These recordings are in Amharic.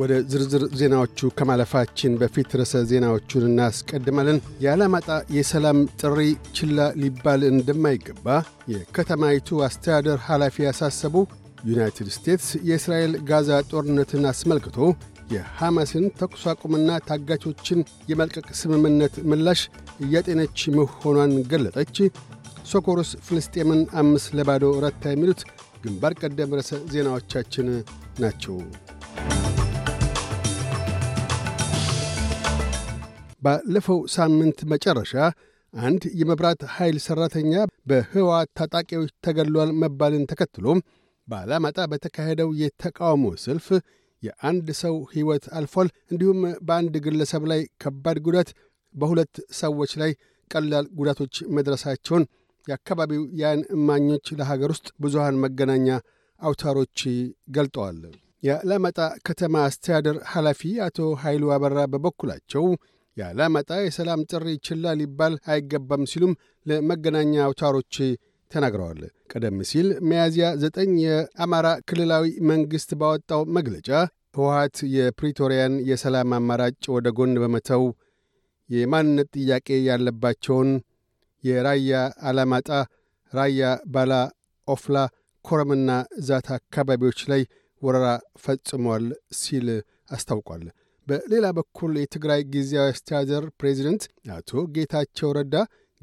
ወደ ዝርዝር ዜናዎቹ ከማለፋችን በፊት ርዕሰ ዜናዎቹን እናስቀድማለን። የዓላማጣ የሰላም ጥሪ ችላ ሊባል እንደማይገባ የከተማይቱ አስተዳደር ኃላፊ ያሳሰቡ፣ ዩናይትድ ስቴትስ የእስራኤል ጋዛ ጦርነትን አስመልክቶ የሐማስን ተኩስ አቁምና ታጋቾችን የመልቀቅ ስምምነት ምላሽ እያጤነች መሆኗን ገለጠች፣ ሶኮርስ ፍልስጤምን አምስት ለባዶ ረታ፣ የሚሉት ግንባር ቀደም ርዕሰ ዜናዎቻችን ናቸው። ባለፈው ሳምንት መጨረሻ አንድ የመብራት ኃይል ሠራተኛ በህወሓት ታጣቂዎች ተገሏል መባልን ተከትሎ በዓላማጣ በተካሄደው የተቃውሞ ሰልፍ የአንድ ሰው ሕይወት አልፏል። እንዲሁም በአንድ ግለሰብ ላይ ከባድ ጉዳት፣ በሁለት ሰዎች ላይ ቀላል ጉዳቶች መድረሳቸውን የአካባቢው የዓይን እማኞች ለሀገር ውስጥ ብዙሃን መገናኛ አውታሮች ገልጠዋል። የዓላማጣ ከተማ አስተዳደር ኃላፊ አቶ ኃይሉ አበራ በበኩላቸው የአላማጣ የሰላም ጥሪ ችላ ሊባል አይገባም ሲሉም ለመገናኛ አውታሮች ተናግረዋል። ቀደም ሲል ሚያዝያ ዘጠኝ የአማራ ክልላዊ መንግሥት ባወጣው መግለጫ ህወሀት የፕሪቶሪያን የሰላም አማራጭ ወደ ጎን በመተው የማንነት ጥያቄ ያለባቸውን የራያ አላማጣ፣ ራያ ባላ፣ ኦፍላ፣ ኮረምና ዛታ አካባቢዎች ላይ ወረራ ፈጽሟል ሲል አስታውቋል። በሌላ በኩል የትግራይ ጊዜያዊ አስተዳደር ፕሬዚደንት አቶ ጌታቸው ረዳ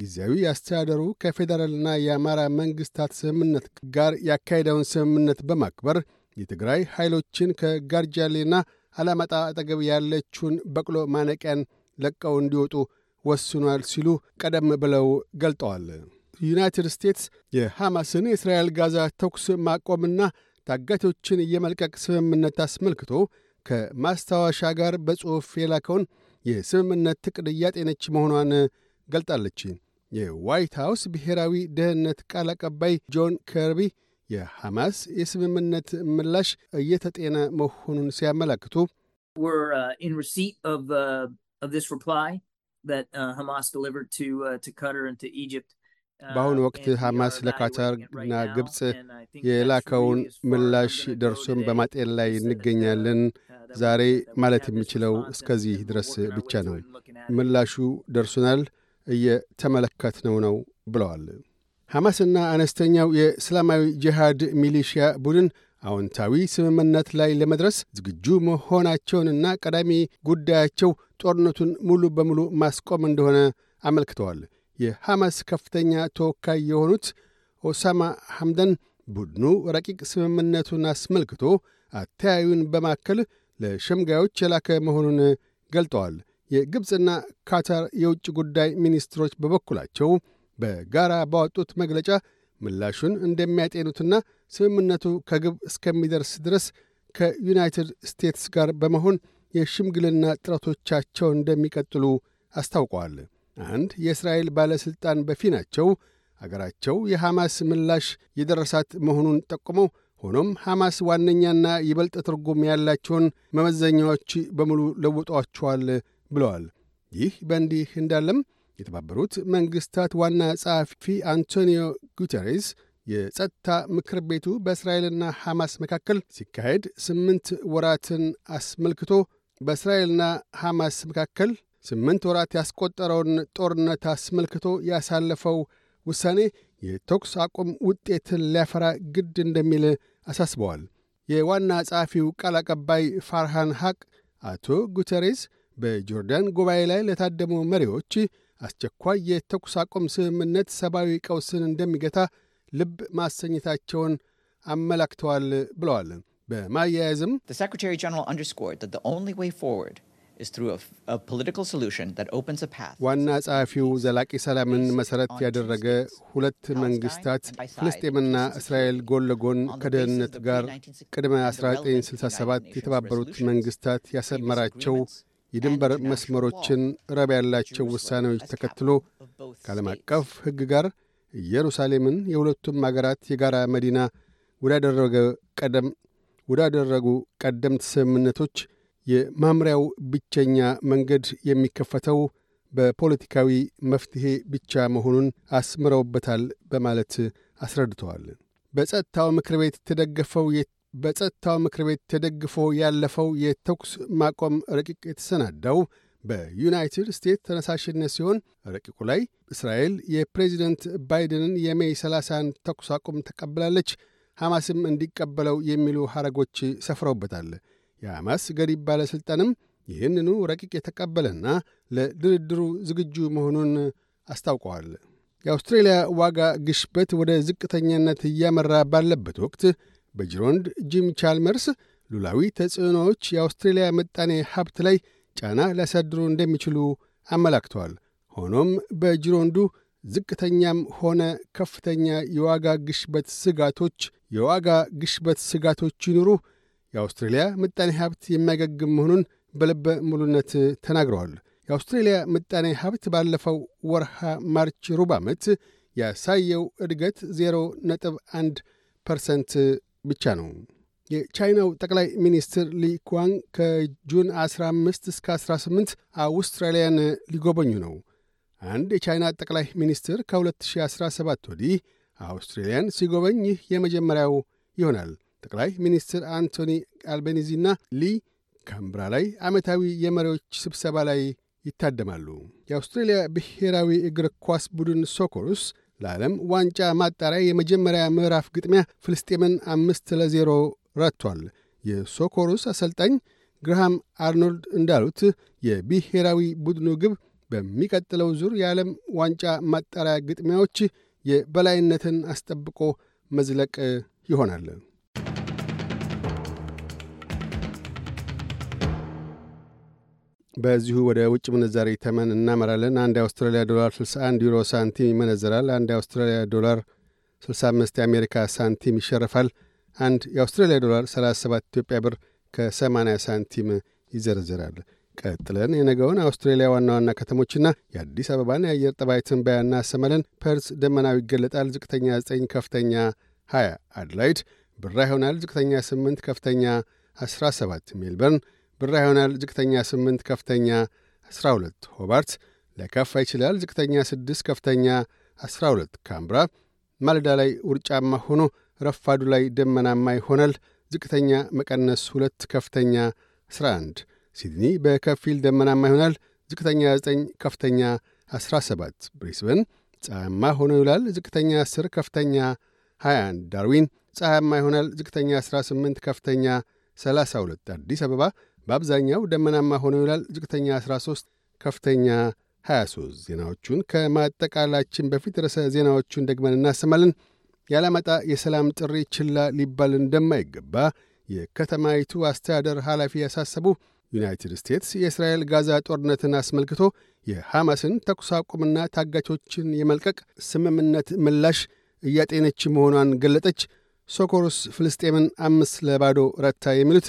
ጊዜያዊ አስተዳደሩ ከፌዴራልና የአማራ መንግሥታት ስምምነት ጋር ያካሄደውን ስምምነት በማክበር የትግራይ ኃይሎችን ከጋርጃሌና አላማጣ አጠገብ ያለችውን በቅሎ ማነቂያን ለቀው እንዲወጡ ወስኗል ሲሉ ቀደም ብለው ገልጠዋል። ዩናይትድ ስቴትስ የሐማስን የእስራኤል ጋዛ ተኩስ ማቆምና ታጋቾችን የመልቀቅ ስምምነት አስመልክቶ ከማስታወሻ ጋር በጽሑፍ የላከውን የስምምነት ትቅድ እያጤነች መሆኗን ገልጣለች። የዋይት ሃውስ ብሔራዊ ደህንነት ቃል አቀባይ ጆን ከርቢ የሐማስ የስምምነት ምላሽ እየተጤነ መሆኑን ሲያመላክቱ በአሁኑ ወቅት ሐማስ ለካታርና ግብፅ የላከውን ምላሽ ደርሶም በማጤን ላይ uh, እንገኛለን። ዛሬ ማለት የሚችለው እስከዚህ ድረስ ብቻ ነው። ምላሹ ደርሶናል፣ እየተመለከትነው ነው ብለዋል። ሐማስና አነስተኛው የእስላማዊ ጅሃድ ሚሊሽያ ቡድን አዎንታዊ ስምምነት ላይ ለመድረስ ዝግጁ መሆናቸውንና ቀዳሚ ጉዳያቸው ጦርነቱን ሙሉ በሙሉ ማስቆም እንደሆነ አመልክተዋል። የሐማስ ከፍተኛ ተወካይ የሆኑት ኦሳማ ሐምደን ቡድኑ ረቂቅ ስምምነቱን አስመልክቶ አተያዩን በማከል ለሸምጋዮች የላከ መሆኑን ገልጠዋል። የግብፅና ካታር የውጭ ጉዳይ ሚኒስትሮች በበኩላቸው በጋራ ባወጡት መግለጫ ምላሹን እንደሚያጤኑትና ስምምነቱ ከግብ እስከሚደርስ ድረስ ከዩናይትድ ስቴትስ ጋር በመሆን የሽምግልና ጥረቶቻቸው እንደሚቀጥሉ አስታውቀዋል። አንድ የእስራኤል ባለሥልጣን በፊናቸው አገራቸው የሐማስ ምላሽ የደረሳት መሆኑን ጠቁመው ሆኖም ሐማስ ዋነኛና ይበልጥ ትርጉም ያላቸውን መመዘኛዎች በሙሉ ለውጧቸዋል ብለዋል። ይህ በእንዲህ እንዳለም የተባበሩት መንግሥታት ዋና ጸሐፊ አንቶኒዮ ጉተሬስ የጸጥታ ምክር ቤቱ በእስራኤልና ሐማስ መካከል ሲካሄድ ስምንት ወራትን አስመልክቶ በእስራኤልና ሐማስ መካከል ስምንት ወራት ያስቆጠረውን ጦርነት አስመልክቶ ያሳለፈው ውሳኔ የተኩስ አቁም ውጤትን ሊያፈራ ግድ እንደሚል አሳስበዋል። የዋና ጸሐፊው ቃል አቀባይ ፋርሃን ሐቅ አቶ ጉተሬስ በጆርዳን ጉባኤ ላይ ለታደሙ መሪዎች አስቸኳይ የተኩስ አቁም ስምምነት ሰብአዊ ቀውስን እንደሚገታ ልብ ማሰኘታቸውን አመላክተዋል ብለዋል። በማያያዝም ዋና ጸሐፊው ዘላቂ ሰላምን መሠረት ያደረገ ሁለት መንግሥታት ፍልስጤምና እስራኤል ጎን ለጎን ከደህንነት ጋር ቅድመ 1967 የተባበሩት መንግሥታት ያሰመራቸው የድንበር መስመሮችን ረብ ያላቸው ውሳኔዎች ተከትሎ ከዓለም አቀፍ ሕግ ጋር ኢየሩሳሌምን የሁለቱም አገራት የጋራ መዲና ወዳደረጉ ቀደምት ስምምነቶች የማምሪያው ብቸኛ መንገድ የሚከፈተው በፖለቲካዊ መፍትሔ ብቻ መሆኑን አስምረውበታል በማለት አስረድተዋል። በጸጥታው ምክር ቤት ተደገፈው በጸጥታው ምክር ቤት ተደግፎ ያለፈው የተኩስ ማቆም ረቂቅ የተሰናዳው በዩናይትድ ስቴትስ ተነሳሽነት ሲሆን ረቂቁ ላይ እስራኤል የፕሬዚደንት ባይደንን የሜይ 30 ተኩስ አቁም ተቀብላለች፣ ሐማስም እንዲቀበለው የሚሉ ሐረጎች ሰፍረውበታል። የሐማስ ገሪብ ባለሥልጣንም ይህንኑ ረቂቅ የተቀበለና ለድርድሩ ዝግጁ መሆኑን አስታውቀዋል። የአውስትሬልያ ዋጋ ግሽበት ወደ ዝቅተኛነት እያመራ ባለበት ወቅት በጅሮንድ ጂም ቻልመርስ ሉላዊ ተጽዕኖዎች የአውስትሬልያ ምጣኔ ሀብት ላይ ጫና ሊያሳድሩ እንደሚችሉ አመላክተዋል። ሆኖም በጅሮንዱ ዝቅተኛም ሆነ ከፍተኛ የዋጋ ግሽበት ስጋቶች የዋጋ ግሽበት ስጋቶች ይኑሩ የአውስትሬልያ ምጣኔ ሀብት የሚያገግም መሆኑን በልበ ሙሉነት ተናግረዋል። የአውስትሬልያ ምጣኔ ሀብት ባለፈው ወርሃ ማርች ሩብ ዓመት ያሳየው እድገት 0.1 ፐርሰንት ብቻ ነው። የቻይናው ጠቅላይ ሚኒስትር ኩዋንግ ከጁን 15 እስከ 18 አውስትራሊያን ሊጎበኙ ነው። አንድ የቻይና ጠቅላይ ሚኒስትር ከ2017 ወዲህ አውስትሬልያን ሲጎበኝ ይህ የመጀመሪያው ይሆናል። ጠቅላይ ሚኒስትር አንቶኒ አልቤኒዚና ሊ ካምብራ ላይ ዓመታዊ የመሪዎች ስብሰባ ላይ ይታደማሉ። የአውስትሬልያ ብሔራዊ እግር ኳስ ቡድን ሶኮሩስ ለዓለም ዋንጫ ማጣሪያ የመጀመሪያ ምዕራፍ ግጥሚያ ፍልስጤምን አምስት ለዜሮ ረቷል። የሶኮሩስ አሰልጣኝ ግርሃም አርኖልድ እንዳሉት የብሔራዊ ቡድኑ ግብ በሚቀጥለው ዙር የዓለም ዋንጫ ማጣሪያ ግጥሚያዎች የበላይነትን አስጠብቆ መዝለቅ ይሆናል። በዚሁ ወደ ውጭ ምንዛሪ ተመን እናመራለን። አንድ የአውስትራሊያ ዶላር 61 ዩሮ ሳንቲም ይመነዘራል። አንድ የአውስትራሊያ ዶላር 65 የአሜሪካ ሳንቲም ይሸርፋል። አንድ የአውስትራሊያ ዶላር 37 ኢትዮጵያ ብር ከ80 ሳንቲም ይዘረዝራል። ቀጥለን የነገውን አውስትሬሊያ ዋና ዋና ከተሞችና የአዲስ አበባን የአየር ጠባይ ትንበያ እናሰማለን። ፐርስ ደመናዊ ይገለጣል። ዝቅተኛ 9፣ ከፍተኛ 20። አድላይድ ብራ ይሆናል። ዝቅተኛ 8፣ ከፍተኛ 17። ሜልበርን ብራ ይሆናል። ዝቅተኛ 8 ከፍተኛ 12። ሆባርት ሊያካፋ ይችላል። ዝቅተኛ 6 ከፍተኛ 12። ካምብራ ማለዳ ላይ ውርጫማ ሆኖ ረፋዱ ላይ ደመናማ ይሆናል። ዝቅተኛ መቀነስ 2 ከፍተኛ 11። ሲድኒ በከፊል ደመናማ ይሆናል። ዝቅተኛ 9 ከፍተኛ 17። ብሪስበን ፀሐማ ሆኖ ይውላል። ዝቅተኛ 10 ከፍተኛ 21። ዳርዊን ፀሐማ ይሆናል። ዝቅተኛ 18 ከፍተኛ 32። አዲስ አበባ በአብዛኛው ደመናማ ሆኖ ይውላል። ዝቅተኛ 13፣ ከፍተኛ 23። ዜናዎቹን ከማጠቃላችን በፊት ርዕሰ ዜናዎቹን ደግመን እናሰማለን። የአላማጣ የሰላም ጥሪ ችላ ሊባል እንደማይገባ የከተማይቱ አስተዳደር ኃላፊ ያሳሰቡ፣ ዩናይትድ ስቴትስ የእስራኤል ጋዛ ጦርነትን አስመልክቶ የሐማስን ተኩስ አቁምና ታጋቾችን የመልቀቅ ስምምነት ምላሽ እያጤነች መሆኗን ገለጠች፣ ሶኮሩስ ፍልስጤምን አምስት ለባዶ ረታ፣ የሚሉት